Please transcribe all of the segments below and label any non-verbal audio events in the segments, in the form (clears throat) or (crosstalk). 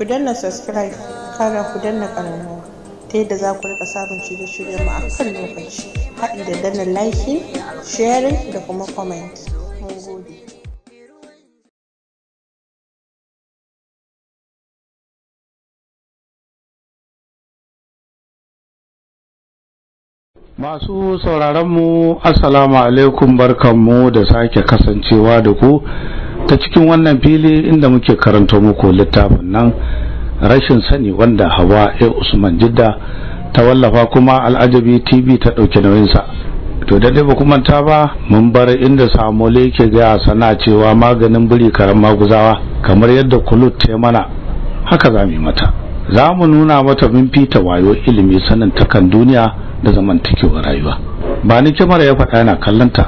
ku danna subscribe kara ku danna karamo ta yadda za ku rika samun shirye shiryen mu a kan lokaci haɗi da danna like sharing da kuma comment mun gode Masu sauraronmu, Assalamu alaikum barkanmu da sake kasancewa da ku ta cikin wannan fili inda muke karanto muku littafin nan rashin sani wanda hawa a usman jidda ta wallafa kuma al'ajabi tv ta ɗauki nauyinsa to dai ba kuma ta ba mun bar inda samole yake gaya sana cewa maganin biri karan maguzawa kamar yadda kulut ta mana haka za mu yi mata za mu nuna mata mun fita wayo ilimi sanin takan duniya da zamantakewar rayuwa ba ni kyamara ya faɗa yana kallonta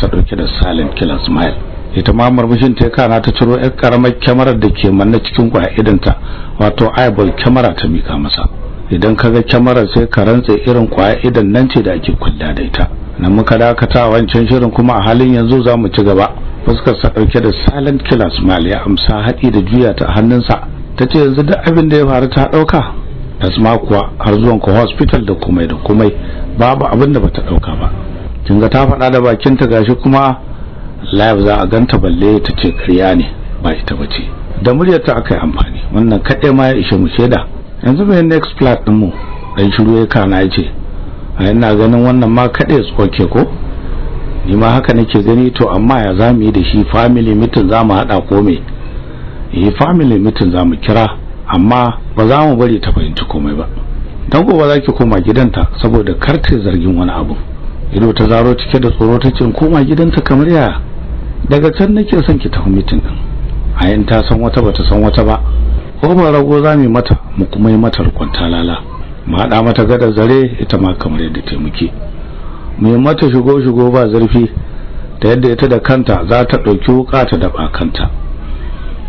sa ɗauke da silent killer smile ita ma murmushin ta kana ta ciro yar karamar kyamarar da ke manna cikin idanta wato eyeball kyamara ta mika masa idan kaga kyamarar sai ka rantse irin idan nan ce da ake kulla da ita nan muka dakata wancan shirin kuma a halin yanzu za mu ci gaba fuskar sa dauke da silent killer smile amsa haɗi da juya ta hannunsa tace yanzu duk abin da ya faru ta ɗauka tasma kuwa har zuwan ku hospital da kumai da kumai babu abin da bata ɗauka ba kinga ta faɗa da bakinta gashi kuma live za a ganta balle ta ce kariya ne ba ita ta bace da muryarta aka yi amfani wannan kaɗai ma ya ishe mu shaida yanzu mai next din mu ɗan shiru ya kana ya ce a yana ganin wannan ma kaɗai tsoke ko ni ma haka nake gani to amma ya za mu yi da shi family meeting za mu haɗa ko me yi eh, family meeting za mu kira amma ba za mu bari ta fahimci komai ba don gobe za ki koma gidanta saboda kar ta zargin wani abu ido ta zaro cike da tsoro ta ce koma gidanta kamar ya daga can nake son ki tafi mitin din ayan ta san wata bata san wata ba ko ba rago za mu mata mu kuma yi mata rukunta lala mu haɗa mata gada zare ita ma kamar yadda ta muke mu yi mata shigo shigo ba zarfi ta yadda ita da kanta za ta ɗauki wuka ta daba kanta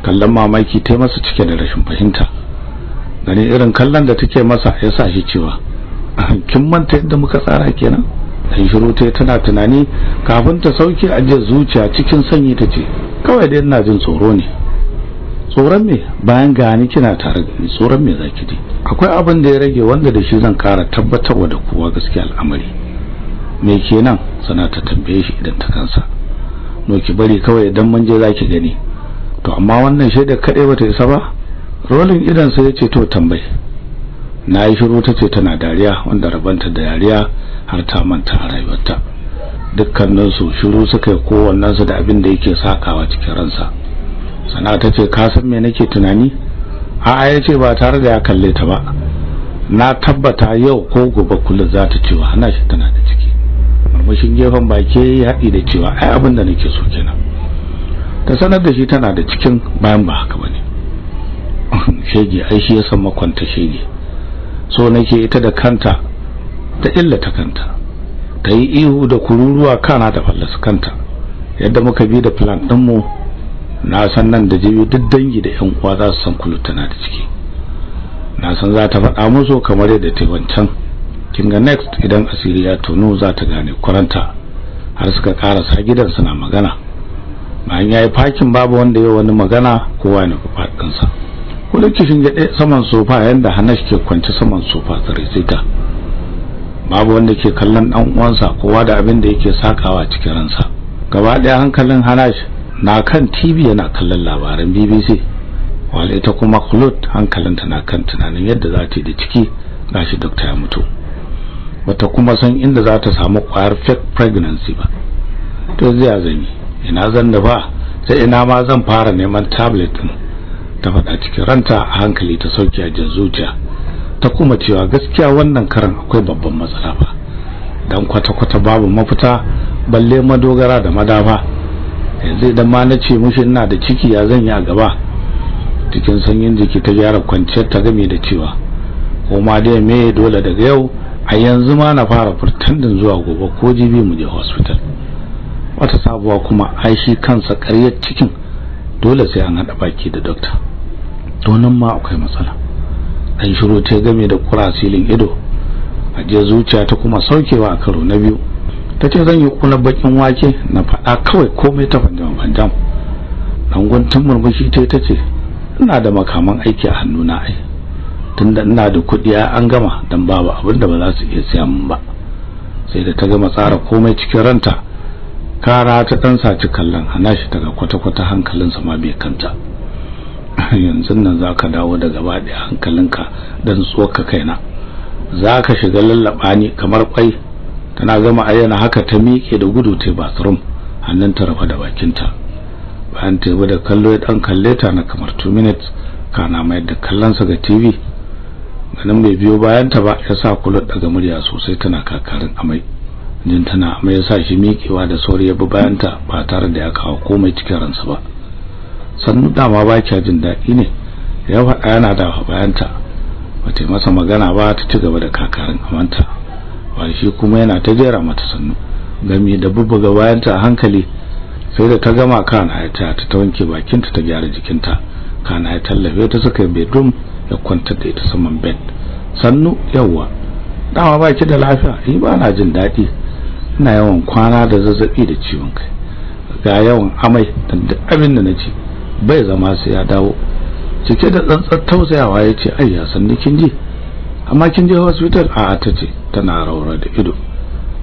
kallon mamaki ta masa cike da rashin fahimta Gani irin kallon da take masa ya sa shi cewa kin manta yadda muka tsara kenan sai shiru ta tana tunani kafin ta sauke ajiyar zuciya cikin sanyi ta ce kawai dai ina jin tsoro ne tsoron me bayan ni kina tare da tsoron me zaki ji akwai abin da ya rage wanda da shi zan kara wa da kowa gaskiya al'amari me kenan sana ta tambaye shi idan ta kansa no ki bari kawai idan mun je zaki gani to amma wannan shaida kadai bata isa ba rolin idan sai ya ce to tambaye na yi shiru ta ce tana dariya wanda rabanta da dariya har ta manta a rayuwarta dukkanin su shiru suka yi kowannen su da abin da yake sakawa cikin ransa sana ta ce ka san me nake tunani a'a ya ce ba tare da ya kalle ta ba na tabbata yau ko gobe kullum za ta cewa hana shi tana da ciki murmushin gefen baki ya haɗi da cewa ai abin da nake so kenan ta sanar da shi tana da cikin bayan ba haka ba ne. (laughs) shege ai shi ya san makwanta shege so nake ita da kanta ta illata kanta ta yi ihu da kururuwa kana da fallasa kanta yadda muka bi da plan ɗinmu na san nan da jibi duk dangi da yan uwa za su san kulutana tana da ciki na san za ta faɗa musu kamar yadda ta wancan kin ga next idan asiri ya tono za ta gane kuranta har suka karasa gidan suna magana bayan yayi fakin babu wanda ya wani magana kowa ya nufi faɗinsa kullum kishin gaɗe saman sofa yadda hanash ke kwance saman sofa tsare sai ta babu wanda ke kallon dan uwansa kowa da abin da yake sakawa cikin ransa gaba ɗaya hankalin Hanash na kan TV yana kallon labaran BBC wale ita kuma hankalin hankalinta na kan tunanin yadda za ta yi da ciki gashi dokta ya mutu wata kuma san inda za ta samu kwayar fake pregnancy ba to zai zanyi ina zan da ba sai ina ma zan fara neman tablet din ta faɗa cikin ranta a hankali ta sauke a jin zuciya ta kuma cewa gaskiya wannan karan akwai babban matsala ba don kwata-kwata babu mafita balle dogara da madafa yanzu idan ma na ce mishi ina da ciki ya zan yi a gaba cikin sanyin jiki ta gyara kwanciyar ta game da cewa ko ma dai me dole daga yau a yanzu ma na fara furtandin zuwa gobe ko jibi mu je hospital wata sabuwa kuma ai shi kansa karyar cikin dole sai an haɗa baki da doctor to ma akwai matsala an shiru ta game da silin ido a je zuciya ta kuma saukewa a karo na biyu ta ce zan yi kuna bakin wake na faɗa kawai komai ta fanjam fanjam rangon tun murmushi ta ta ce ina da makaman aiki a hannuna ai tunda ina da kuɗi a an gama dan babu abin da ba za su iya siya min ba sai da ta gama tsara komai cikin ranta kara ta ɗan saci kallon hana shi daga kwata-kwata hankalinsa ma bai kanta (laughs) yanzu nan za ka dawo da gaba da hankalinka don tsoka kaina za ka shiga lallaba ne kamar kwai tana gama ayyana haka ta miƙe da gudu ta bathroom hannun ta rafa da bakinta bayan ta yi da kallo ya ɗan kalle ta na kamar 2 minutes kana mayar da kallonsa ga tv ganin bai biyo bayan ta ba ya sa kulut daga murya sosai tana kakarin amai jin tana amai ya sa shi miƙewa da sauri ya bi bayan ta ba tare da ya kawo komai cikin ransa ba sannu dama ba kya jin daɗi ne ya faɗa yana da bayanta ba masa magana ba ta ci gaba da kakarin amanta ba shi kuma yana ta jera mata sannu Gami da bubbuga bayanta a hankali sai da ta gama kana ya ta ta wanke bakinta ta gyara jikinta kana ya tallafe ta suka bedroom ya kwantar da ita saman bed sannu yawwa dama ba ki da lafiya yi ba na jin daɗi ina yawan kwana da zazzabi da ciwon kai ga yawan amai da abin da na ci bai zama sai ya dawo cike da tsantsar tausayawa ya ce ai ya sanni kin je amma kin je hospital a ta ce tana raura da ido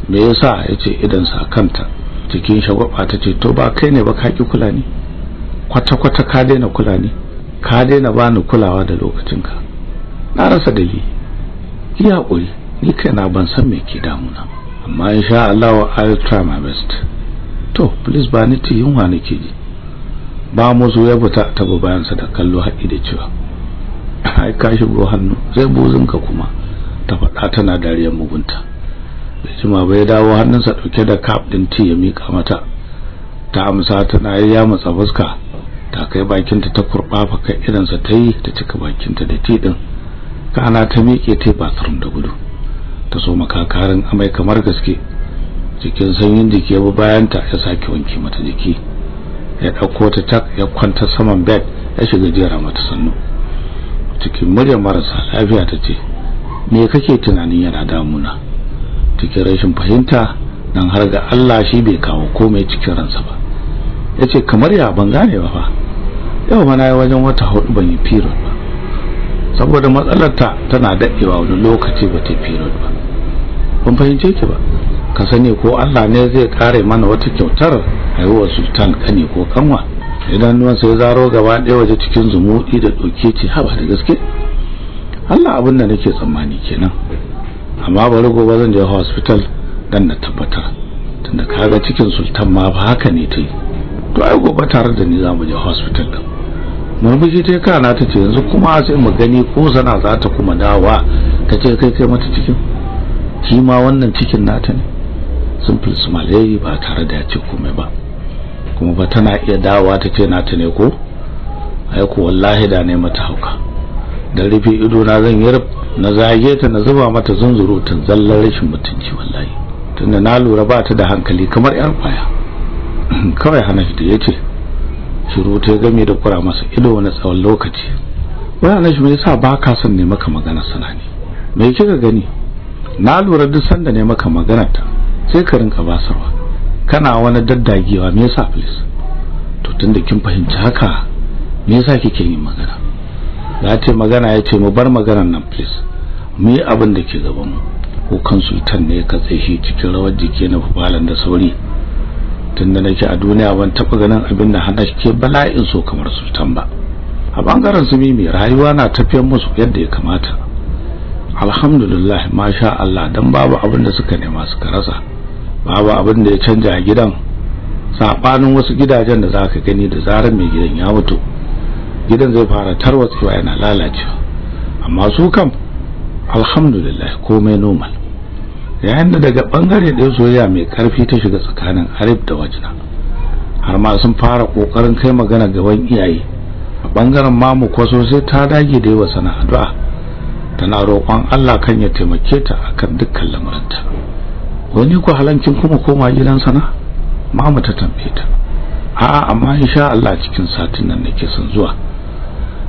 me yasa ya ce idan sa kanta cikin shagwaba ta ce to ba kai ne ba ka ki kula ni kwata-kwata ka daina kula ni ka daina bani kulawa da lokacinka na rasa dali ki haƙuri ni kaina ban san me ke damuna amma insha Allah I'll try my to please ba ni ti yunwa nake ji ba mu zo ya fita ta sa da kallo haɗi da cewa ai ka shigo hannu sai ka kuma ta faɗa tana dariyar mugunta bai jima bai dawo hannun sa ɗauke da kaf din ti ya mika mata ta amsa tana ya matsa fuska ta kai bakinta ta kurɓafa kai irinsa ta yi ta cika bakinta da ti din kana ta miƙe ta batsarin da gudu ta so makakarin amai kamar gaske cikin sanyin jiki ya bayanta ya sake wanke mata jiki ya ɗauko ta tak ya kwanta saman bed ya shiga jera mata sannu cikin murya marasa lafiya ta ce me kake tunanin yana damuna cikin rashin fahimta dan har ga Allah shi bai kawo komai cikin ransa ba yace kamar ya ban gane ba fa yau ma nayi wajen wata hudu ban yi period ba saboda matsalar ta tana dadewa wani lokaci ba ta period ba ban fahimce ki ba ka sani ko Allah ne zai kare mana wata kyautar wa sultan kani ko kanwa idan idanuwan sai zaro gaba ɗaya waje cikin zumuɗi da ɗauke ce haba da gaske Allah abin da nake tsammani kenan amma bari gobe zan je hospital dan na tabbatar tunda kaga cikin sultan ma ba haka ne ta yi to ai gobe tare da ni za mu je hospital mu murmushi ta kana ta ce yanzu kuma sai mu gani ko sana za ta kuma dawa ta ce kai kai mata cikin shi wannan cikin nata ne simple malayi eh, ba tare da ya ce komai ba kuma ba tana iya dawowa ta ce nata ne ko ai wallahi da ne mata hauka da rufe ido na zan yi na zage ta na zuba mata ta zallar rashin mutunci wallahi tunda na lura ba ta da hankali kamar yar kwaya (clears throat) kawai hana shi ya ce shiru ta game da kura masa ido wani tsawon lokaci wani shi me yasa ba ka son ne maka magana sana ne me kika gani na lura duk sanda ne maka magana ta sai ka rinka basarwa kana wani daddagewa me yasa please to tunda kin fahimci haka me yasa kike yin magana ya ce magana ya ce mu bar maganar nan please mu yi abin da ke gaban mu ko kan sultan ne ka tsaye cikin rawar jiki na fubalan da sauri tunda nake a duniya ban taba ganin abin da hana ke bala'in so kamar sultan ba a bangaren su mimi rayuwa na tafiyar musu yadda ya kamata alhamdulillah masha Allah dan babu abin da suka nema suka rasa babu abin da ya canja a gidan saɓanin wasu gidajen da za ka gani da zarar mai gidan ya mutu gidan zai fara tarwatsewa yana lalacewa amma su kan alhamdulillah komai normal yayin da daga ɓangare ɗaya soyayya mai karfi ta shiga tsakanin arif da wajina har ma sun fara ƙoƙarin kai magana gaban iyaye a ɓangaren mamu kwaso sai ta dage da yawa sana addu'a tana roƙon Allah kan ya taimake ta akan dukkan lamurinta wani ku halancin kuma koma gidansa na Muhammad ta tambaye ta a'a amma insha Allah cikin satin nan nake son zuwa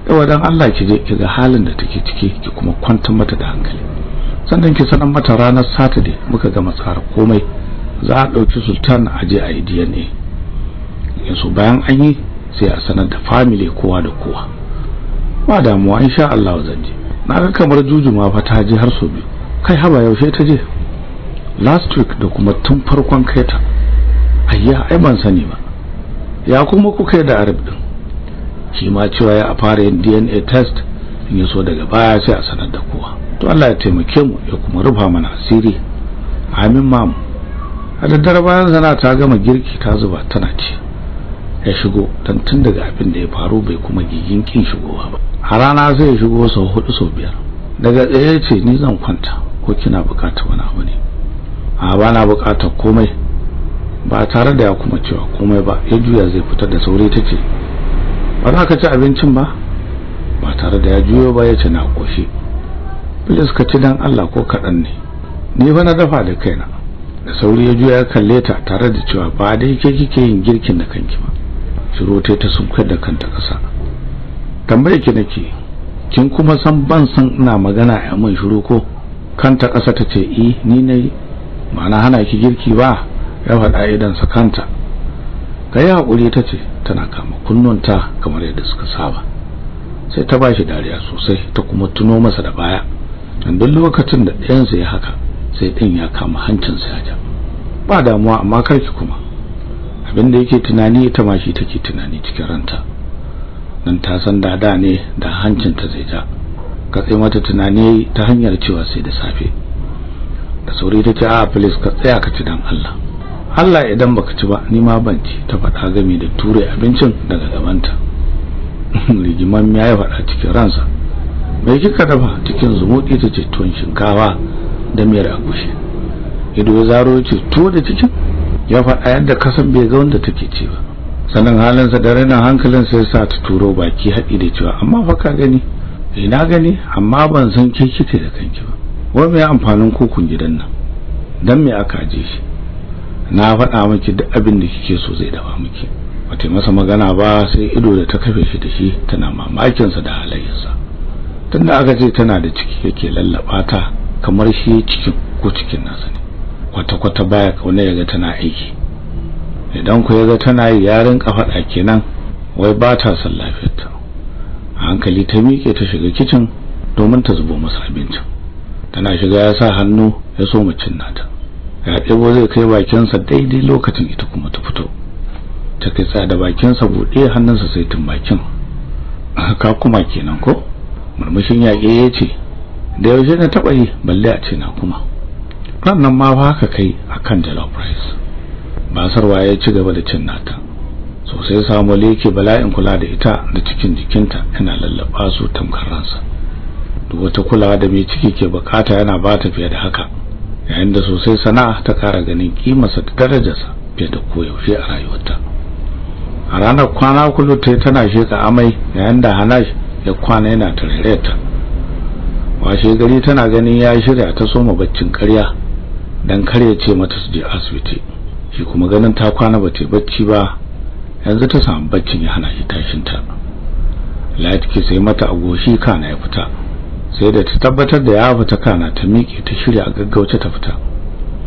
yawa dan Allah ki je ki ga halin da take ciki ki kuma kwantar mata da hankali sannan ki sanar mata ranar Saturday muka gama matsara komai za a dauki sultan a je a yi DNA yanzu bayan an yi sai a sanar da family kowa da kowa ba damuwa insha Allah zan je na ga kamar jujuma fa ta je har so biyu kai haba yaushe ta je last week da kuma tun farkon kaita ayya ai ban sani ba ya kuma kuka kai da arab din shi ma cewa ya fara yin dna test in ya so daga baya sai a sanar da kowa to Allah ya taimake mu ya kuma rufa mana asiri amin mamu a daddare bayan zana ta gama girki ta zuba tana ce ya shigo don tun daga abin da ya faru bai kuma gigin kin shigowa ba a rana zai shigo sau hudu sau biyar daga tsaye ce ni zan kwanta ko kina bukata wani abu ne a ba na bukatar komai ba tare da ya kuma cewa komai ba ya juya zai fitar da sauri ta ce ba za ka ci abincin ba ba tare da ya juyo ba ya ce na koshi bilis ka ci don allah ko kaɗan ne ni fa na dafa da kaina da sauri ya juya ya kalle ta tare da cewa ba dai ke kike yin girkin da kanki ba shiro ta ta sunkar da kanta kasa tambaye ki nake kin kuma san ban san ina magana a mun shiru ko kanta ƙasa ta ce eh ni nayi ma'ana hana ki girki ba ya faɗa idan sa kanta kai hakuri ta ce tana kama kunnunta kamar yadda suka saba sai ta bashi dariya sosai ta kuma tuno masa da baya dan duk lokacin da ɗayan sa ya haka sai ɗin ya kama hancin sa ya ba damuwa amma karki kuma abinda yake tunani ita ma shi take tunani cikin ranta dan ta san da da ne da hancin ta zai ja ka sai mata tunani ta hanyar cewa sai da safe da sauri ta ce a filis ka tsaya ka ci dan Allah Allah idan baka ci ba ni ma ban ci ta faɗa game da ture abincin daga gabanta (laughs) rigiman ya yi faɗa cikin ransa mai kika dafa cikin zumuɗi ta ce tuwon shinkawa da miyar agushi ido ya zaro ya ce tuwo da cikin ya faɗa yadda kasan bai ga wanda take ci ba sannan halinsa da rainin hankalin sai sa ta turo baki haɗi da cewa amma fa ka gani ina eh, gani amma ban san ke kike da kanki ba wai mai amfanin kukun gidan nan dan me aka aje shi na faɗa miki duk abin da kike so zai dafa miki bata masa magana ba sai ido da ta kafe shi da shi tana mamakin sa da sa tunda aka ce tana da ciki yake lallaba ta kamar shi cikin ko cikin nasa ne kwata kwata baya kauna yaga tana aiki idan ku yaga tana yi yarin faɗa kenan wai ba ta son lafiyarta hankali ta miƙe ta shiga kicin domin ta zubo masa abincin tana shiga ya sa hannu ya so macin nata ya ɗebo zai kai bakinsa daidai lokacin ita kuma ta fito ta kai tsaya da bakinsa buɗe hannunsa sai tumbakin ka kuma kenan ko murmushin yaƙe ya ce da yaushe na taɓa yi balle a ce na kuma nan ma ba haka kai a kan jollof rice basarwa ya ci gaba da cin nata sosai samu leke bala'in kula da ita da cikin jikinta yana lallaba su tamkar ransa duk wata kulawa da mai ciki ke bukata yana ba ta fiye da haka yayin da sosai sana'a ta kara ganin kimarsa da darajarsa fiye da koyaushe a rayuwarta a ranar kwana kullu ta tana sheka amai yayin da hanash ya kwana yana tarareta washe gari tana ganin ya shirya ta soma baccin karya dan kar ya ce mata su je asibiti shi kuma ganin ta kwana bata bacci ba yanzu ta samu baccin ya hana shi tashin ta light ke sai mata agoshi kana ya fita sai da ta tabbatar da ya fita kana ta miƙe ta shirya a gaggauce ta fita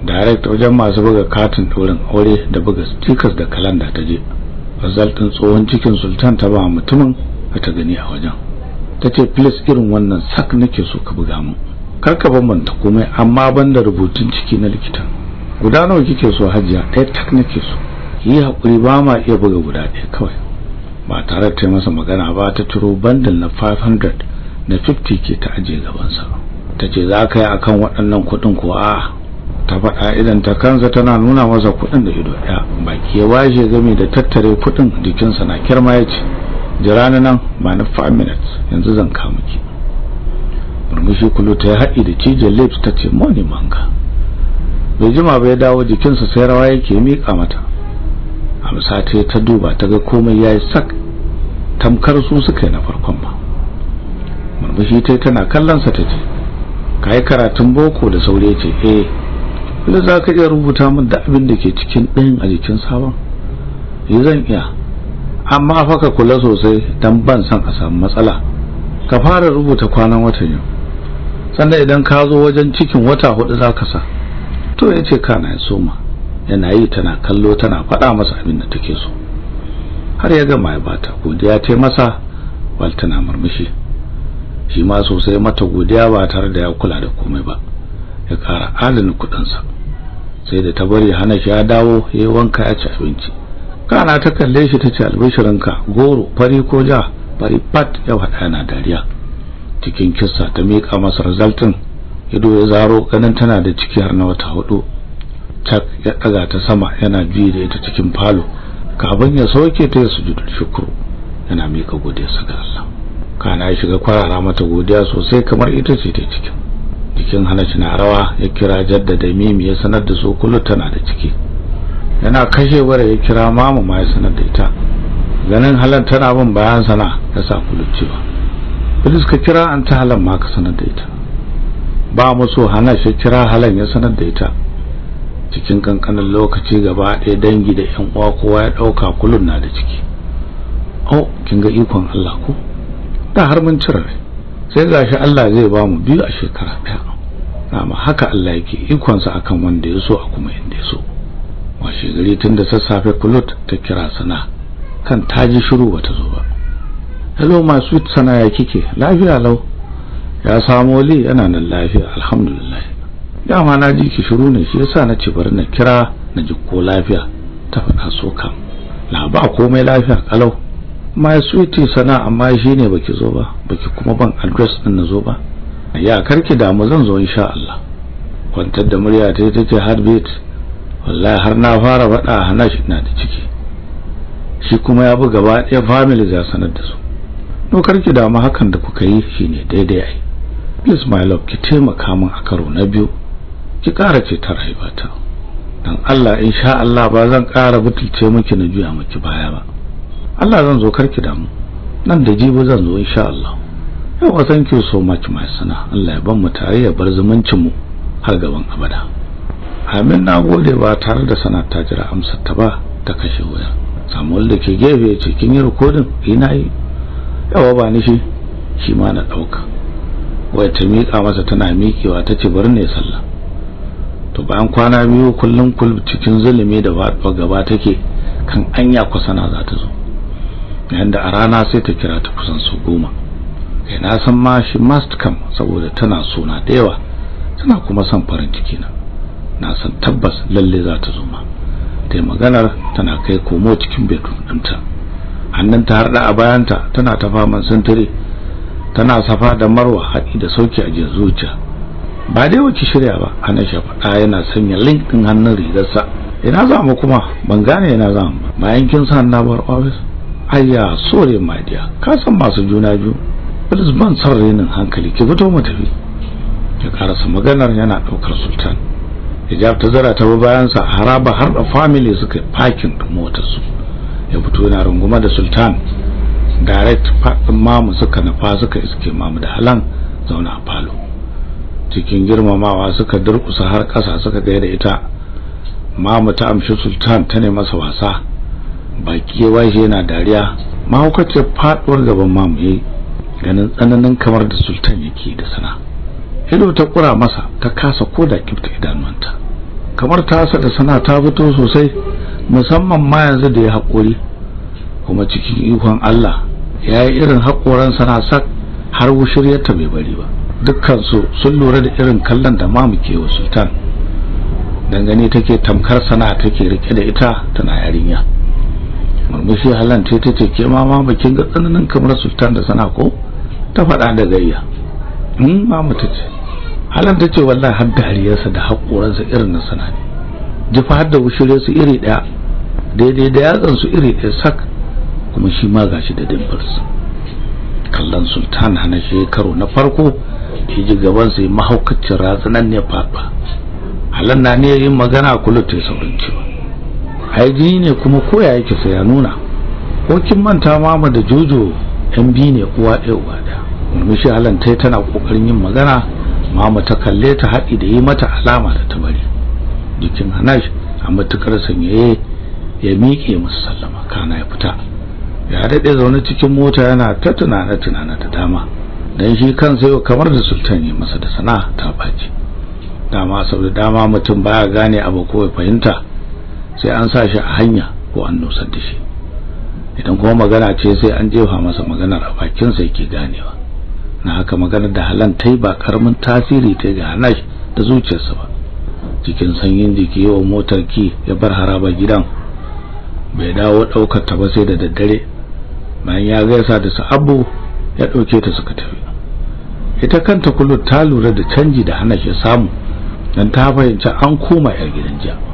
direct wajen masu buga katin turin aure da buga stickers da kalanda ta je din tsohon cikin sultan ta ba mutumin da ta gani a wajen ta ce please irin wannan sak nake so ka buga mu kar ka bambanta komai amma banda rubutun ciki na likita guda nawa kike so hajiya ɗaya tak nake so yi hakuri ba ma iya buga guda ɗaya kawai ba tare da ta masa magana ba ta ciro bandal na 500 na 50 ke ta aje gabansa ta ce za ka yi akan waɗannan kuɗin ko a ta faɗa idan ta kansa tana nuna masa kuɗin da ido ɗaya baki ya washe game da tattare kuɗin jikinsa na kirma ya ce jira ni nan ba na 5 minutes yanzu zan kama ki murmushi kulu ta yi haɗi da cijin lips ta ce moni manga bai jima ba ya dawo jikinsa sai rawa yake miƙa mata amsa ta ta duba ta ga komai ya yi sak tamkar su suka yi na farkon ba murmushi ta tana kallonsa ta ce ka yi karatun boko da saure ce eh ina za ka iya rubuta min da abin da ke cikin ɗayan a jikin sabon yi eh, zan iya amma fa ka kula sosai don ban san a samu matsala ka fara rubuta kwanan watan yau sannan idan ka zo wajen cikin wata hudu za ka sa to ya ce kana ya soma yana yi tana kallo tana faɗa masa abin da take so har ya gama ya bata godiya ta masa wal tana murmushi shi ma sosai mata godiya ba tare da ya kula da komai ba ya kara alin kuɗinsa sai da ta bari hana shi ya dawo ya yi wanka ya ci abinci kana ta kalle shi ta ce albishirinka goro fari ko ja fari pat ya faɗa yana dariya cikin kissa ta miƙa masa resultin ido ya zaro ganin tana da ciki har na wata hudu chak ya ɗaga ta sama yana juyi da ita cikin falo kafin ya sauke ta ya sujudul shukru yana miƙa godiyarsa ga Ka na shiga kwarara mata godiya sosai kamar ita ce ta ciki jikin hanashi na rawa ya kira jadda da mimi ya sanar da su kullu tana da ciki yana wara ya kira mamu ma ya sanar da ita ganin halan tana bin bayan sana ya sa kullu cewa bilis ka kira an ta halan ma ka sanar da ita ba mu so hana shi kira halan ya sanar da ita cikin kankanin lokaci gaba ɗaya dangi da ƴan uwa kowa ya ɗauka kullun na da ciki oh kin ga ikon Allah ko da har mun cire rai sai gashi Allah zai ba mu biyu a shekara daya amma haka Allah yake ikonsa akan wanda ya so a kuma inda ya so washe gari tun da sassafe kulot ta kira sana kan taji ji shiru bata zo ba hello my sweet sana ya kike lafiya lau ya samo li yana nan lafiya alhamdulillah dama na ji ki shiru ne shi yasa na ci bari na kira na ji ko lafiya ta faɗa so kam la ba komai lafiya kalau my sweetie sana amma shi ne baki zo ba baki kuma ban address din nazo ba ya karki damu zan zo insha Allah kwantar da murya ta take heartbeat wallahi har na fara faɗa hana shi na da ciki shi kuma ya buga gaba ɗaya family za sanar da su no karki damu hakan da kuka yi shine daidai ai please my love ki taimaka min a karo na biyu ki ƙara ce ta rayuwata dan Allah insha Allah ba zan kara butulce miki na juya miki baya ba Allah zan zo karki damu nan da jibo zan zo insha Allah yawa thank you so much my sana Allah ya ban mu tare ya bar zumuncin mu har gaban abada Amin na gode ba tare da sana ta jira amsar ta ba ta kashe waya Samuel da ke gefe ya ce kin yi recording ina eh, yi yawa ba ni shi shi ma na ɗauka. wai ta miƙa masa tana miƙewa ta ce bari ne sallah to bayan kwana biyu kullum kul cikin zulumi da ba gaba take kan anya kusana za ta zo yanda a rana sai ta kira ta kusan su goma kai eh, na san ma she must come saboda tana sona da yawa tana kuma son farin ciki na na san tabbas lalle za ta zo ma tai maganar tana kai komo cikin bedroom ɗinta hannunta har da a bayanta tana ta faman santare tana safa da marwa haɗi da sauki a jin zuciya ba dai wace shirya ba Aisha faɗa yana sanya link ɗin hannun rigarsa ina za mu kuma ban gane ina za mu bayan kin san na bar office ayya sore madiya dear ka san masu juna biyu please ban san renin hankali ki fito mu tafi ya karasa maganar yana daukar sultan hijab ta zara ta bayan sa haraba har da family suka parking motar su ya fito yana runguma da sultan direct fadin mamu suka nafa suka iske mamu da halan zauna a falo cikin girmamawa suka durkusa har ƙasa suka da ita mamu ta amshi sultan ta ne masa wasa baki ya washe yana dariya mahaukaciyar faɗuwar gaban mamaye ganin tsananin kamar da sultan yake da sana ido ta kura masa ta kasa koda kifta idanunta kamar ta sa da sana ta fito sosai musamman ma yanzu da ya haƙuri kuma cikin ikon Allah ya yi irin haƙoran sana sak har wushiryarta bai bari ba dukkansu sun lura da irin kallon da mamu ke wa sultan dangane take tamkar sana take rike da ita tana yarinya murmushi halan ce ta ce ke mama bakin ga tsananin kamar sultan da sana ko ta faɗa da gayya in hmm, mama ta ce halan ta ce wallahi har dariyarsa da haƙoransa irin na sana ne jifa har da wushire su iri ɗaya daidai da yatsan su iri ɗaya sak kuma shi ma gashi da dimbars. kallon sultan hana shekaru na farko ya ji gaban sai mahaukacin razanan ne fafa halanna na ne yin magana kullu ta saurin cewa ai jini ne kuma koya yake sa ya nuna ko kin manta mama da jojo yan biyu ne uwa ɗaya uwa ɗaya mishi halan tai tana kokarin yin magana mama ta kalle ta haɗi da yi mata alama da ta bari jikin hanash a matukar sanyaye ya miƙe musu sallama kana ya fita ya daɗe zaune cikin mota yana ta tunane tunana da dama dan shi kansa yau kamar da sultan ya masa da sana'a ta baci dama saboda dama mutum baya gane abu ko ya fahimta sai an sa shi a hanya ko an nusar da shi idan kuma magana ce sai an jefa masa maganar a bakin sa yake ganewa na haka maganar da halan ta yi ba karamin tasiri ta ga hanash da zuciyarsa ba cikin sanyin jiki yawan motar ki ya bar haraba gidan bai dawo ɗaukar ta ba sai da daddare bayan ya gaisa da abu ya ɗauke ta suka tafi ita kanta kullu ta lura da canji da hanash ya samu dan ta fahimci an koma yar gidan jiya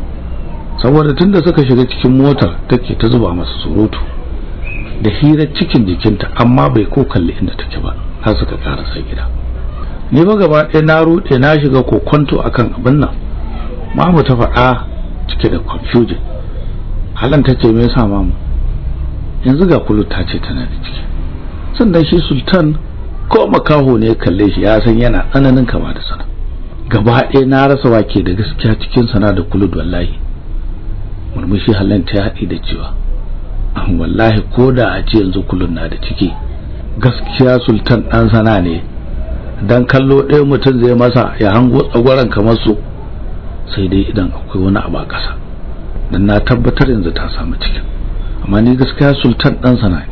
saboda tun da suka shiga cikin motar take ta zuba masa surutu da hirar cikin jikinta amma bai ko kalli inda take ba har suka karasa gida ni ba gaba ɗaya na ruɗe na shiga kokonto akan abin nan mamu ta faɗa cike da confusion halan ta ce me yasa mamu yanzu ga kulu ta ce tana da ciki sannan shi sultan ko makaho ne kalle shi ya san yana tsananin kama da sana gaba ɗaya na rasa wake da gaskiya cikin sana da Kulu wallahi murmushi halin ta haɗi da cewa wallahi ko da a ce yanzu kullum na da ciki gaskiya sultan ɗan sana ne dan kallo ɗaya mutum zai masa ya hango tsagwaron kamar su sai dai idan akwai wani abu a ƙasa dan na tabbatar yanzu ta samu cikin amma ni gaskiya sultan ɗan sana ne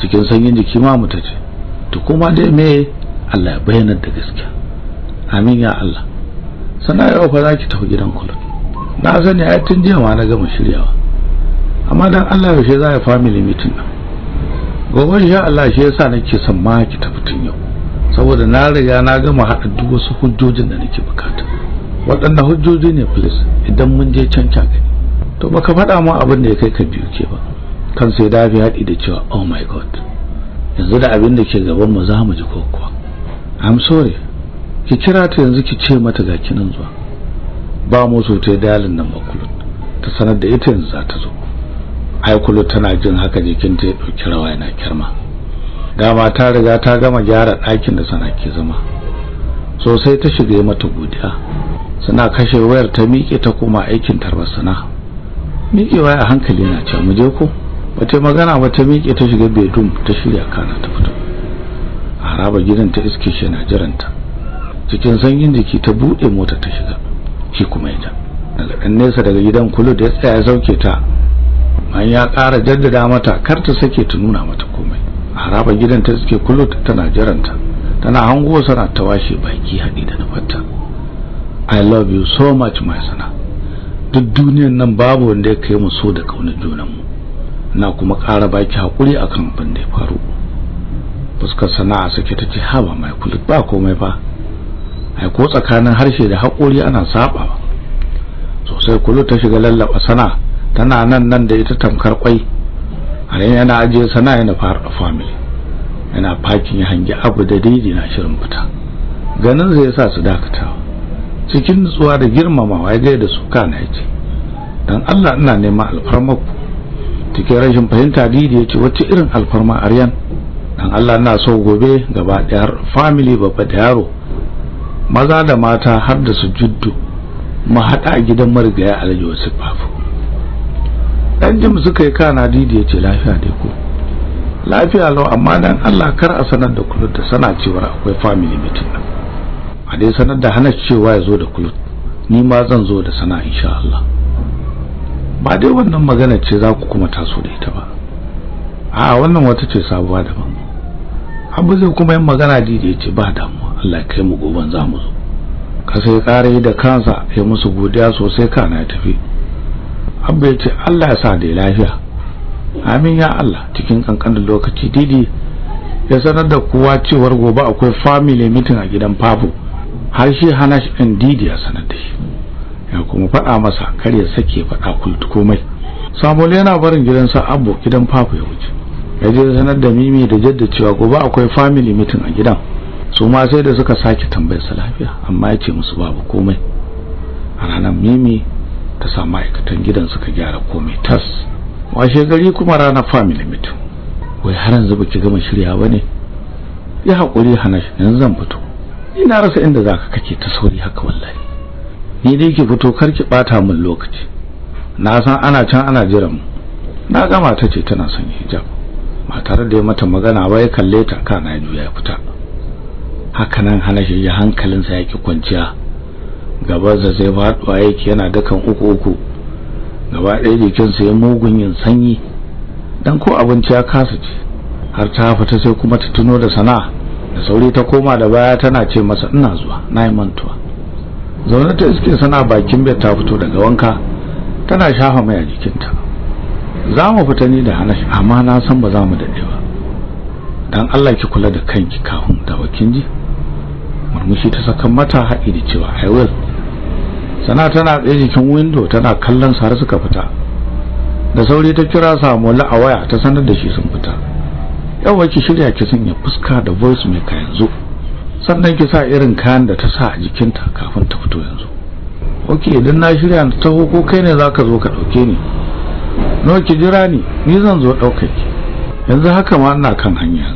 cikin sanyin jiki ma mu ce, to kuma dai me Allah ya bayyana da gaskiya amin ya Allah sana yau fa zaki tafi gidan kullum na sani a tun jiya ma na gama shiryawa amma dan Allah yaushe za a family meeting gobe insha Allah shi yasa nake son ma ki tafi tun yau saboda na riga na gama haɗa duk wasu hujjojin da nake bukata waɗannan hujjoji ne please idan mun je can can gani to baka faɗa mu abin da ya kai ka biyu ke ba kan sai da bi haɗi da cewa oh my god yanzu da abin da ke gaban mu za mu ji ko i'm sorry ki kira ta yanzu ki ce mata ga kinan zuwa ba mu so ta dalin nan makulu ta sanar da ita yanzu za ta zo haikulu tana jin haka jikinta ya ɗauki rawa yana kirma dama ta riga ta gama gyara ɗakin da sana ke zama sosai ta shiga mata godiya suna kashe wayar ta miƙe ta koma aikin tarbar sana miƙewa a hankali na ce, mu je ko bata magana ba ta miƙe ta shiga bedroom ta shirya kana ta fito a haraba gidan ta iske shi na jiranta cikin sanyin jiki ta buɗe mota ta shiga shi kuma ita daga ɗan nesa daga gidan kulu da ya tsaya ya zauke ta man ya ƙara jaddada mata kar ta sake ta nuna mata komai a haraba gidan ta suke kulu tana jiranta tana hango sana ta washe baki haɗi da nufarta i love you so much my sana duk duniyan nan babu wanda ya kai mu so da junan junanmu na kuma ƙara baki haƙuri akan abin da ya faru fuskar sana'a sake ta ce haba mai kulu ba komai ba Aiko tsakanin harshe da haƙori ana saba sosai kullu ta shiga lallaba sana tana nan nan da ita tamkar kwai har yana ajiye sana yana fara family yana fakin hangi abu da didi na shirin fita ganin zai sa su dakata cikin nutsuwa da girmamawa ya da su kana yace dan Allah ina neman alfarmar ku cikin rashin fahimta didi yace wacce irin alfarma aryan dan Allah ina so gobe gaba ɗaya family babba da yaro maza da mata har da su juddu mu hada a gidan marigaya alhaji wasu babu ɗan jim suka yi kana didi ya ce lafiya dai ko lafiya lau amma dan allah kar a sanar da kulut da sana cewar akwai family meeting ɗin a dai sanar da hana cewa ya zo da kulut ni ma zan zo da sana insha allah ba dai wannan magana ce za ku kuma taso da ita ba a wannan wata ce sabuwa daban abu zai kuma yin magana didi ya ce ba damuwa Allah kai mu goban za mu zo ka sai kare da kansa ya musu godiya sosai kana tafi abba yace Allah ya sa da lafiya amin ya Allah cikin kankanin lokaci didi ya sanar da kowa cewa gobe akwai family meeting a gidan Papu har shi Hanash din didi ya sanar da shi ya kuma faɗa masa kar ya sake faɗa kultu komai Samuel yana barin gidansa Abbo gidan Papu ya wuce ya je sanar da Mimi da Jadda cewa gobe akwai family meeting a gidan su ma sai da suka sake tambayar su lafiya amma ya ce musu babu komai a ranar mimi ta sa ma'aikatan gidan suka gyara komai tas washe gari kuma ranar family mitu wai har yanzu baki gama shirya ba ne ya haƙuri hana shi yanzu zan fito ina rasa inda zaka kake ta sauri haka wallahi ni dai ki fito kar ki ɓata min lokaci na san ana can ana jiran mu na gama ta ce tana son hijab ba tare da ya mata magana ba ya kalle ta kana juya ya fita Haka hakanan hana shi ya hankalinsa yake kwanciya gabansa sai faduwa yake yana dakan uku uku gaba ɗaya jikinsa ya mugun yin sanyi dan ko abinci ya kasa ci har ta fita sai kuma ta tuno da sana'a da sauri ta koma da baya tana ce masa ina zuwa na yi mantuwa zaune ta iske sana bakin bai ta fito daga wanka tana shafa mai a jikinta za mu fita ni da hana amma na san ba za mu daɗe ba don allah ki kula da kanki kafin da wakin ji murmushi ta sakan mata haɗi da cewa I will sana tana tsaye jikin window tana kallon su har suka fita da sauri ta kira mola a waya ta sanar da shi sun fita yawa ki shirya ki sanya fuska da voice mai ka yanzu sannan ki sa irin kayan da ta sa a jikinta kafin ta fito yanzu okay idan na shirya ta taho ko kai ne zaka zo ka dauke ni no ki jira ni ni zan zo dauke ki yanzu haka ma ina kan hanya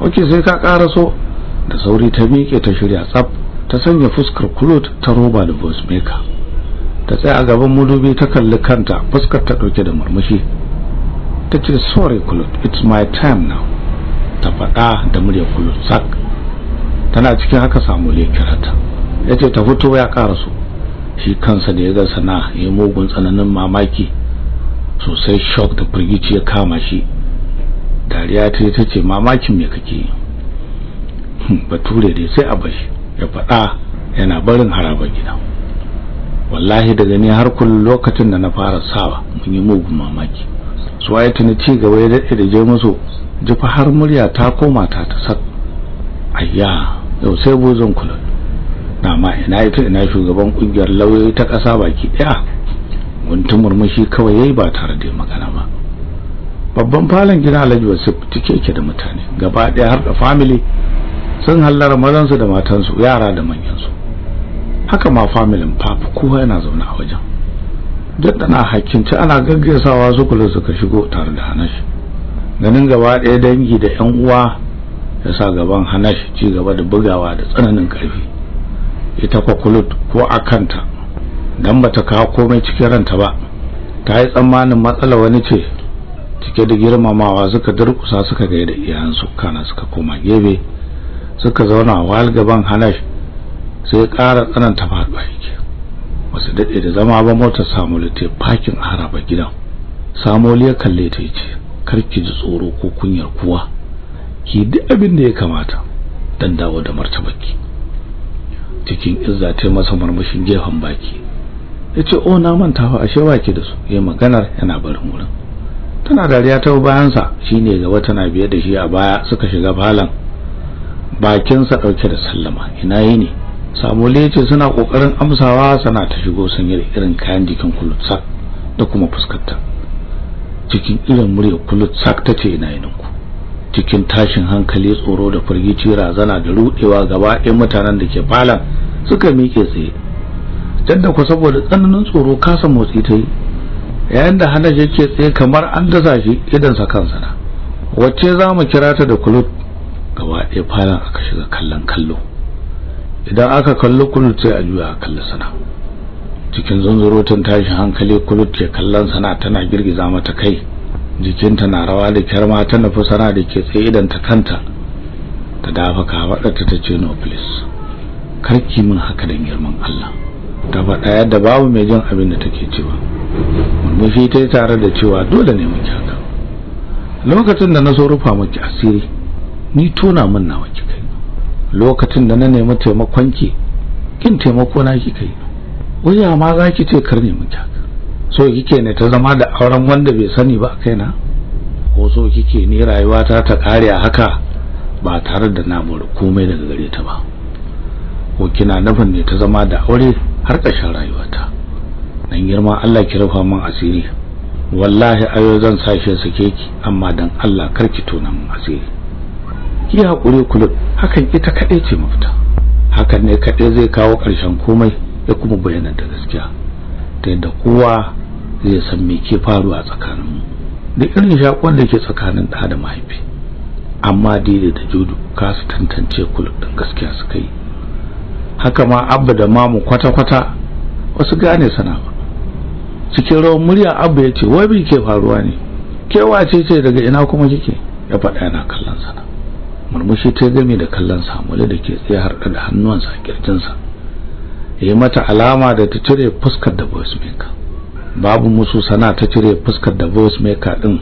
okay sai ka ƙara da sauri ta miƙe ta shirya tsaf ta sanya fuskar kulot ta roba da bosmeka ta tsaya a gaban mudubi ta kalli kanta fuskar ta ɗauke da murmushi ta ce sorry kulot it's my time now ta faɗa da murya kulot sak tana cikin haka samu lekirata ya ce ta fito ya ƙara su shi kansa da ya ga sana ya mugun tsananin mamaki sosai shock da firgici ya kama shi dariya ta ce mamakin me kake yi bature dai sai a bashi ya faɗa yana barin haraba gida wallahi daga ni har kullum lokacin da na fara sawa mun yi mugun mamaki su waye tuni ci gaba ya daɗe da je musu jifa har murya ta koma ta ta sat ayya yau sai bozon kula na ma ina ita ina shugaban kungiyar lauyoyi ta ƙasa baki ɗaya guntun murmushi kawai yayi ba tare da magana ba babban falon gida alhaji wasu cike yake da mutane gaba ɗaya har da family sun hallara mazansu da matansu yara da manyansu haka ma familin pap kowa yana zaune a wajen Duk tana hakinci ana gaggaisawa zukulun suka shigo tare da hanashi ganin gaba ɗaya dangi da yan uwa ya sa gaban hanashi ci gaba da bugawa da tsananin ƙarfi ita kwa kulut ko a kanta, don bata kawo komai cikin ranta ba ta yi tsammanin matsala wani ce cike da girmamawa suka durkusa suka gaida iyayensu kana suka koma gebe suka zauna wal gaban hanash sai ƙara tsananta faɗuwa yake wasu daɗe da zama ba motar samoli ta fakin haraba gidan samoli ya kalle ta yace kar ki ji tsoro ko kunyar kuwa ki duk abin da ya kamata dan dawo da martabarki cikin izza ta masa murmushin gefen baki yace o oh, na manta fa ashe baki da su yayin maganar yana barin wurin tana dariya ta bayan sa shine gaba tana biye da shi a baya suka shiga falon bakinsa ɗauke da sallama ina yi ne samuli ya suna ƙoƙarin amsawa sana ta shigo sun da irin kayan jikin kulutsak da kuma fuskarta cikin irin murya kulutsak ta ce ina yininku cikin tashin hankali tsoro da firgici razana da ruɗewa gaba ɗayan mutanen da ke falon suka miƙe tsaye da ku saboda tsananin tsoro kasa motsi ta yi yayin da hana yake tsaye kamar an dasa shi sa kansa na wacce za mu kira ta da kulut gaba ɗaya falon aka shiga kallon kallo idan aka kallo kulut sai a juya a kalli sana cikin zanzurotin tashin hankali kulut ke kallon sana tana girgiza mata kai jikinta na rawa da kyar ma ta nufi sana da ke tsaye idan ta kanta ta dafa kafaɗarta ta ce no please karki min haka da girman Allah ta faɗa yadda babu mai jin abin da take cewa murmushi ta yi tare da cewa dole ne muke haka lokacin da na so rufa muke asiri ni tona min nawa kika yi lokacin da na nemi taimakon ki kin taimako na kika yi ma za ki ce karne miki so kike ne ta zama da auren wanda bai sani ba kaina ko so kike ne rayuwata ta kare a haka ba tare da na komai daga gare ta ba ko kina nufin ne ta zama da aure har rayuwa rayuwata dan girma Allah ki rufa mun asiri wallahi ayo zan sa sashe sake ki amma dan Allah kar ki tona mun asiri ki haƙuri kulub hakan ita kaɗai ce mafita hakan ne kaɗai zai kawo ƙarshen komai ya kuma bayyana da gaskiya ta yadda kowa zai san me ke faruwa tsakaninmu da irin shaƙon da ke tsakanin ɗa da mahaifi amma daidai da judu ka su tantance kulub ɗin gaskiya suka yi haka ma abba da mamu kwata-kwata wasu gane sana ba cikin rawan murya abba ya ce wai ke faruwa ne kewa ce ce daga ina kuma kike ya faɗa yana kallon sana murmushi ta gami da kallon samuli da ke tsaye har da hannuwansa a kirjinsa yayi mata alama da ta cire fuskar da voice maker babu musu sana ta cire fuskar da voice maker din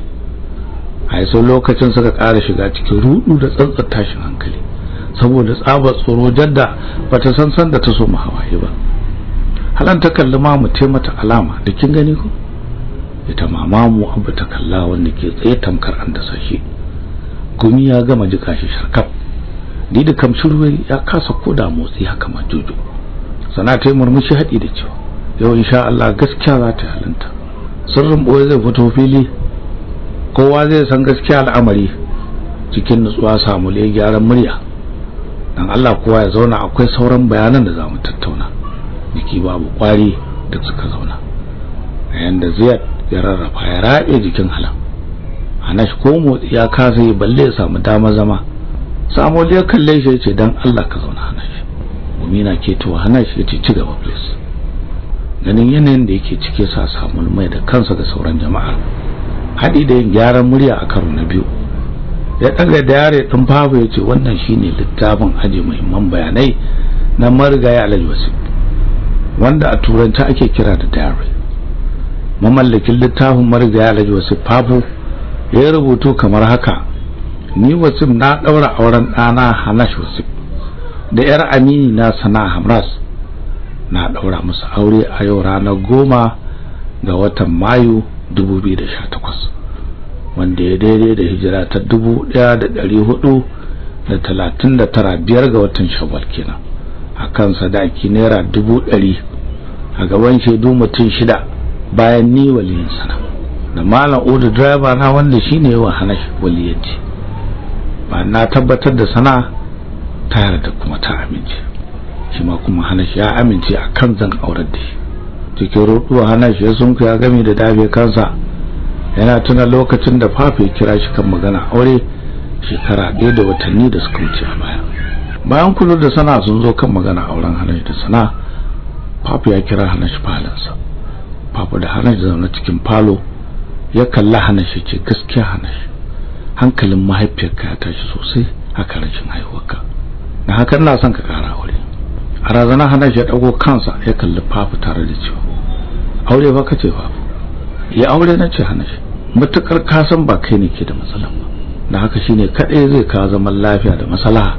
a yaso lokacin suka ƙara shiga cikin rudu da tsantsar tashin hankali saboda tsabar tsoro jadda ta san san da ta so mu hawaye ba halan ta kalli mamu ta mata alama da kin gani ko ita mamamu abu ta kalla wanda ke tsaye tamkar an da sashi gumi ya gama jika shi sharkaf ni da ruwa ya kasa koda motsi haka ma jojo sana ta murmushi haɗi da cewa yau insha Allah gaskiya za ta halinta sirrin boye zai fito fili kowa zai san gaskiya al'amari cikin nutsuwa samu le gyaran murya dan Allah kowa ya zauna akwai sauran bayanan da zamu tattauna jiki babu kwari da suka zauna yayin da ziyar ya rarrafa ya rabe jikin halan Anash ko motsi ya kasa yi balle ya samu dama zama samu da kalle shi yace dan Allah ka zauna Anash na ke to Anash yace ci gaba please ganin yanayin da yake cike sa samu mai da kansa ga sauran jama'a Hadi da yin gyaran murya a karo na biyu ya ɗaga da yare ɗin babu ya ce wannan shine littafin aji muhimman bayanai na marigaya alhaji wasu wanda a turanci ake kira da diary mamallakin littafin marigaya alhaji wasu babu ya rubutu kamar haka ni wasim na daura auren ɗana hanash wasim da yar amini na sana hamras na daura musu aure a yau ranar goma ga watan mayu 2018 wanda ya daidai da hijira ta 1439 biyar ga watan shawwal kenan a kan sadaki naira 100 a gaban shaidu mutum shida bayan ni walin sana'a. da malam oda driver na wanda shi ne yawan hana waliyati ba na tabbatar da sana ta yarda kuma ta amince shi ma kuma hana shi ya amince a kan zan aurar da shi cikin ruɗuwa hana shi ya sun ya gami da dafe kansa yana tuna lokacin da fafe kira shi kan magana aure shekara ɗaya da watanni da suka wuce a baya bayan kullu da sana sun zo kan magana auren hana shi da sana fafe ya kira hana shi falansa fafe da hana shi zaune cikin falo ya kalli hana shi ce gaskiya hana shi hankalin mahaifiyarka ya tashi sosai haka rashin haihuwarka na hakan na son ka kara aure a razana hana shi ya ɗago kansa ya kalli fafi tare da cewa aure ba ka ce ba ya aure na ce hana shi matuƙar ka ba kai ne ke da matsala ba da haka shine kaɗai zai kawo zaman lafiya da matsala.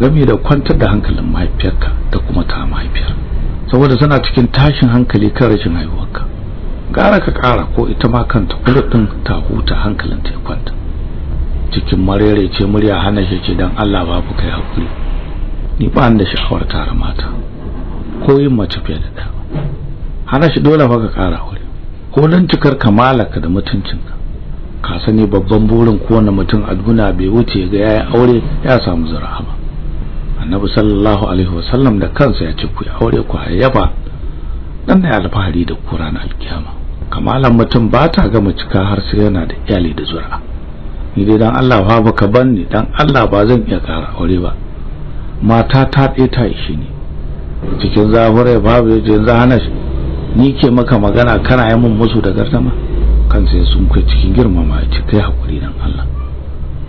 game da kwantar da hankalin mahaifiyarka da kuma ta mahaifiyar saboda suna cikin tashin hankali kan rashin haihuwarka kara ka kara ko ita ma kanta kula din ta huta hankalin ta kwanta cikin marere ce murya hana shi ce dan Allah babu kai hakuri ni ba da sha'awar tare mata ko yin mace fiye da ɗaya hana shi dole fa ka ƙara aure ko don cikar ka da mutuncin ka sani babban burin kowane mutum a duniya bai wuce ga yayin aure ya samu zuri'a ba annabi sallallahu alaihi wasallam da kansa ya ce ku aure ku hayyafa dan da alfahari da ku ranar alkiyama kamalan mutum ba ta gama cika har sai yana da iyali da zura ni dai dan Allah fa baka banni dan Allah ba zan iya kara aure ba mata ta ɗaya ta ishi ne cikin zahure babu yace yanzu hana shi ni ke maka magana kana yi mun musu da gardama kan sai sun kai cikin girmama ci kai hakuri dan Allah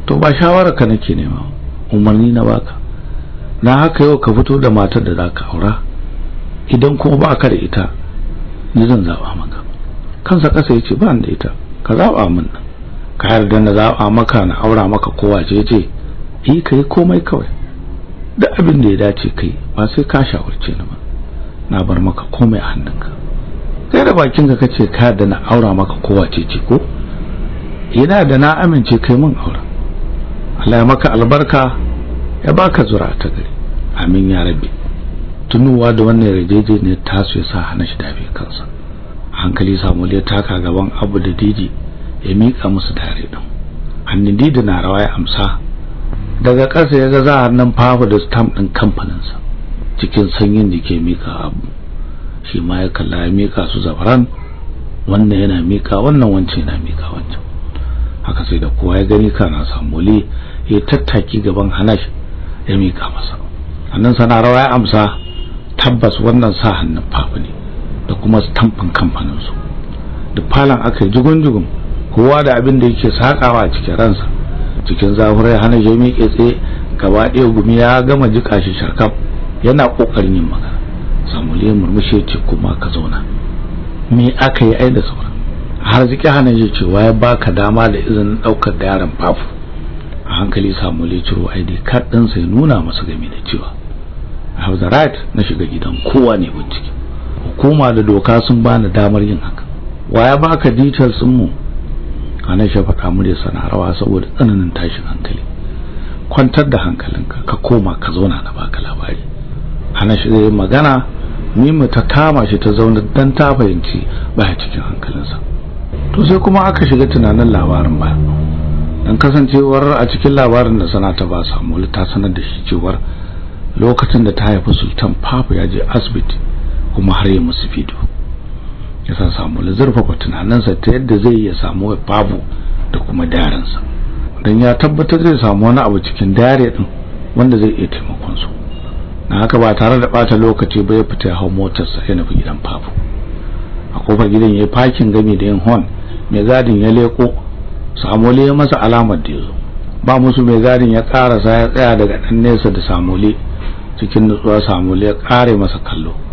to ba shawara ka nake nema umarni na baka na haka yau ka fito da matar da zaka aura idan kuma ba ka da ita ni zan zaba maka kansa kasa ya ce ba da ita ka zaɓa min ka yarda na zaɓa maka na aura maka kowa ce yi ka yi komai kawai da abin da ya dace kai ba sai ka shawarce ni ba na bar maka komai a hannunka kai da bakin ka kace ka yarda na aura maka kowa ce ko yana da na amince kai mun aure. Allah ya maka albarka ya baka zura ta gari amin ya rabbi tunuwa da wannan yarjejeniyar tasu ya sa hana shi dafe kansa hankali samuel ya taka gaban abu da didi ya mika musu tare din hannun didi na rawa ya amsa daga ƙasa ya ga za a nan fafa da stamp ɗin kamfaninsa cikin sanyin da ke miƙa abu shi ma ya kalla ya miƙa su zafaran wannan yana miƙa wannan wancan yana miƙa wancan haka sai da kowa ya gani kana samuli ya tattaki gaban hanash ya miƙa masa hannun sana rawa ya amsa tabbas wannan sa hannun fafa ne da kuma stamfin kamfaninsu duk falon aka yi jugun-jugun kowa da abin da yake sakawa a cikin ransa cikin zahurai hana je miƙe tsaye gaba ɗaya gumi ya gama jika shi sharkaf yana ƙoƙarin yin magana samuliya murmushi ce kuma ka zauna me aka yi ai da sauran har ziki hana je cewa ya baka dama da izinin ɗaukar da yaron fafu a hankali samun ciro id card ɗinsa ya nuna masu gami da cewa A na shiga gidan kowa ne bincike hukuma da doka sun bani damar yin haka waya baka details mu ana shafa mu da sana rawa saboda tsananin tashin hankali kwantar da hankalinka ka koma ka zauna na baka labari Ana shi zai magana mu ta kama shi ta zauna dan ta fahimci ba baya cikin hankalinsa to sai kuma aka shiga tunanin labarin ba dan kasancewar a cikin labarin da sana ta ba samu ta sanar da shi cewar lokacin da ta haifi sultan papa ya je asibiti kuma har ya musu fido yasa samu zurfafa tunaninsa ta yadda zai ya samu babu da kuma darinsa don ya tabbatar zai samu wani abu cikin dare din wanda zai iya taimakon su na haka ba tare da bata lokaci ba ya fita hau motarsa ya nufi gidan babu a kofar gidan ya yi fakin gami da yin hon mai gadin ya leko samole ya masa alamar da yazo ba musu mai gadin ya karasa ya tsaya daga dan nesa da samule cikin nutsuwa samule ya kare masa kallo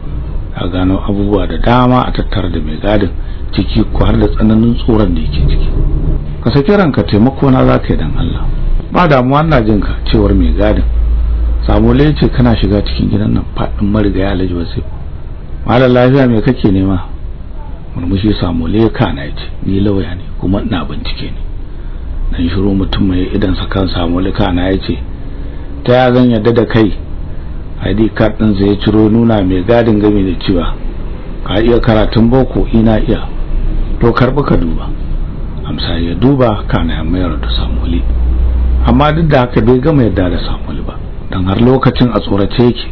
a gano abubuwa da dama a tattara da mai gadin ciki ko har da tsananin tsoron da yake ciki ka saki ranka taimako na za ka yi don Allah ba damuwa ina jin ka cewar mai gadin samu ce kana shiga cikin gidan nan faɗin marigaya alhaji wasu malam lafiya me kake nema murmushi samu ka na ce ni lauya ne kuma ina bincike ne dan shiru mutum mai idan sa kan samu ka na ce ta ya zan yadda da kai id card din sa ya ciro nuna mai gadin gami da cewa ka iya karatun boko ina iya to karbi ka duba amsa ya duba kana ya mayar da samuli amma duk da haka bai gama yadda da samuli ba dan har lokacin a tsorace yake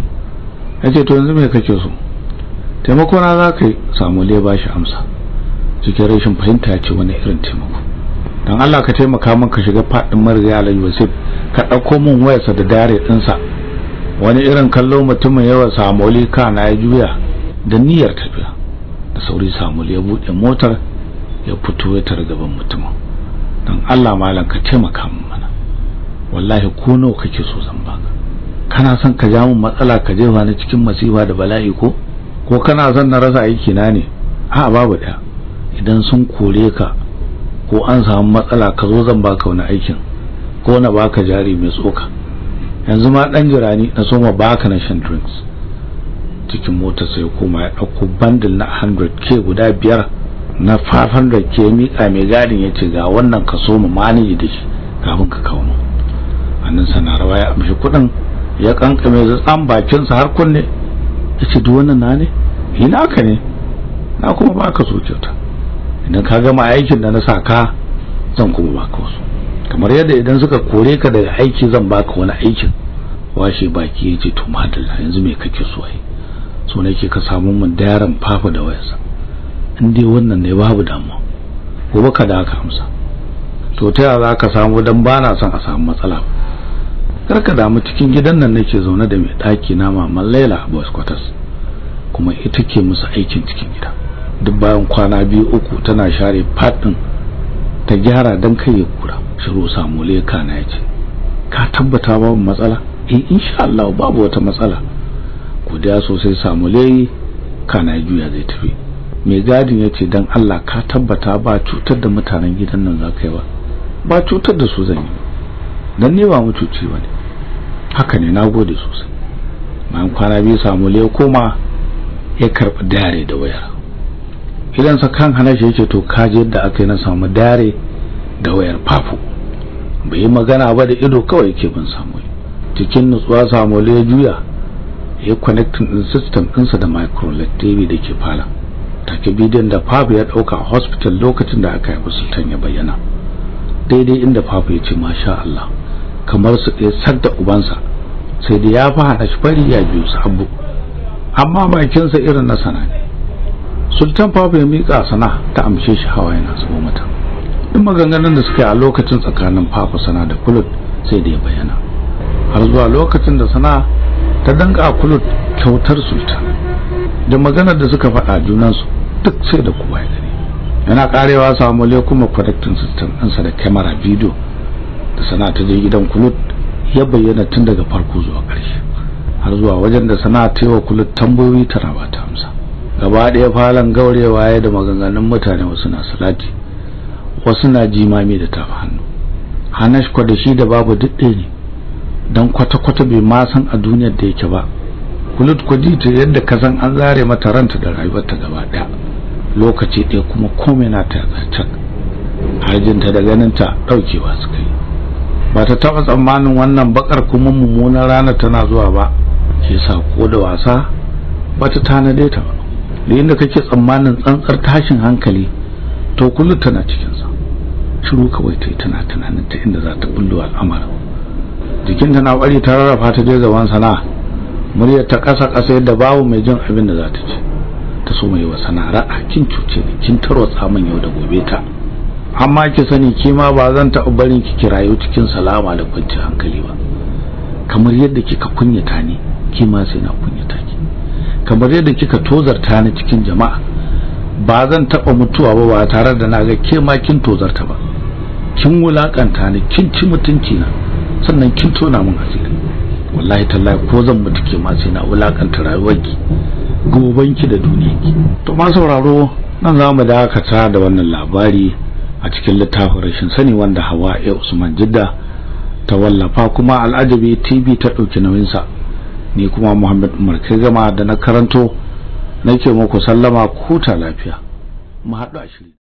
yace to yanzu me kake so taimako na za ka yi samuli ya bashi amsa cikin rashin fahimta ya ce wani irin taimako dan Allah ka taimaka min ka shiga fadin marigaya Alhaji Wasif ka dauko min wayarsa da dare dinsa wani irin kallo mutumin yawa samoli kana ya juya da niyyar tafiya da sauri samoli ya buɗe motar ya fito ya tar gaban mutumin don Allah malam ka taimaka min mana wallahi ko nawa kake so zan baka kana son ka ja min matsala ka jefa ni cikin masifa da bala'i ko ko kana son na rasa aiki na ne a babu ɗaya. idan sun kore ka ko an samu matsala ka zo zan baka wani aikin ko na baka jari mai tsoka yanzu ma dan jirani na soma baka na shan drinks cikin motar sai koma ya dauko bundle na 100k guda biyar na 500k ka mai gadin yace ga wannan ka soma manage da shi kafin ka kawo mu annan sana rawa ya amshi kudin ya kankame zan bakin sa har kunne yace duk wannan na ne ina ka ne na kuma baka so kyauta idan ka gama aikin da na saka zan kuma baka wasu kamar yadda idan suka kore ka daga aiki zan baka wani aikin washe baki yace to madalla yanzu me kake so ai so nake ka samu mun dayaran fafa da wayarsa in dai wannan ne babu damuwa gobe ka da ka amsa to ta yaya zaka samu dan bana son a samu matsala kar ka damu cikin gidan nan nake zaune da mai daki na mama Laila boss quarters kuma ita ke musu aikin cikin gida duk bayan kwana biyu uku tana share fat din ta gyara dan kai ya kura shiru samule na yace ka tabbata babu matsala eh insha Allah babu wata matsala guda sosai ka kana juya zai tafi mai gadin yace dan Allah ka tabbata ba cutar da mutanen gidan nan ka yi ba ba cutar da su zan dan ne ba mu mutuci ne haka ne nagode sosai bayan kwana biyu samule koma ya karɓi dare da wayar Idan sa kan hana shi yace to kaje yadda aka yi na samu dare da wayar fafu bai yi magana ba da ido kawai yake bin samu cikin nutsuwa samu ya juya ya connecting din system ɗinsa da microlet tv da ke fala take bidiyon da fafu ya ɗauka a hospital lokacin da aka yi sultan ya bayyana daidai inda fafu ya ce masha Allah kamar su ɗaya sadda ubansa sai da ya fi hana shi fari ya biyu su abu amma sa irin na sanani sultan fafi ya miƙa sana ta amshe shi hawa yana su mata duk maganganun da suka yi a lokacin tsakanin fafa sana da kulut sai da ya bayyana har zuwa lokacin da sana ta danka kulut kyautar sultan da maganar da suka faɗa junansu duk sai da kowa ya gani yana karewa samu lekuma kuma system da kyamara bidiyo da sana ta je gidan kulut ya bayyana tun daga farko zuwa ƙarshe har zuwa wajen da sana ta yi wa kulut tambayoyi tana ba ta amsa gaba ɗaya falon gaurewa ya da maganganun mutane wasu na salati wasu na jimami da tafi hannu hannash da shi da babu duk ne don kwata-kwata bai masan a duniyar da yake ba kulut ta yadda ka san an zare mata ranta da rayuwarta gaba ɗaya lokaci ɗaya kuma komai na ta can harjinta da ganinta ɗaukewa suka yi ba ta taɓa tsammanin wannan baƙar kuma mummunan rana tana zuwa ba ke sa ko da wasa ba ta tanade ta ba da yadda kake tsammanin tsantsar tashin hankali to kullu tana cikinsa shiru kawai ta tana tunanin ta inda za ta bullo al'amarin jikin ta na bari ta rarrafa ta je zaman sana'a muryar ta kasa kasa yadda babu mai jin abin da za ta ci. ta so mai wa sana'ar a kin cuce ni kin tarwatsa tsaman yau da gobe ta amma ki sani ki ma ba zan taɓa barin ki kirayo cikin salama da kwanciyar hankali ba kamar yadda kika kunyata ni ki ma sai na kunya kamar yadda kika tozarta ni cikin jama'a ba zan taba mutuwa ba ba tare da naga ke ma kin tozarta ba kin wulakanta ni kin ci mutunci na sannan kin tona min asiri wallahi tallahi ko zan mutu ke ma sai na wulakanta rayuwarki gobanki da duniyarki to ma sauraro nan za mu dakata da wannan labari a cikin littafin rashin sani wanda Hawa Usman Jidda ta wallafa kuma Al'ajabi TV ta ɗauki nauyinsa ni kuma Muhammad Umar kai gama da na karanto nake muku sallama ku ta lafiya mu haɗu a shiri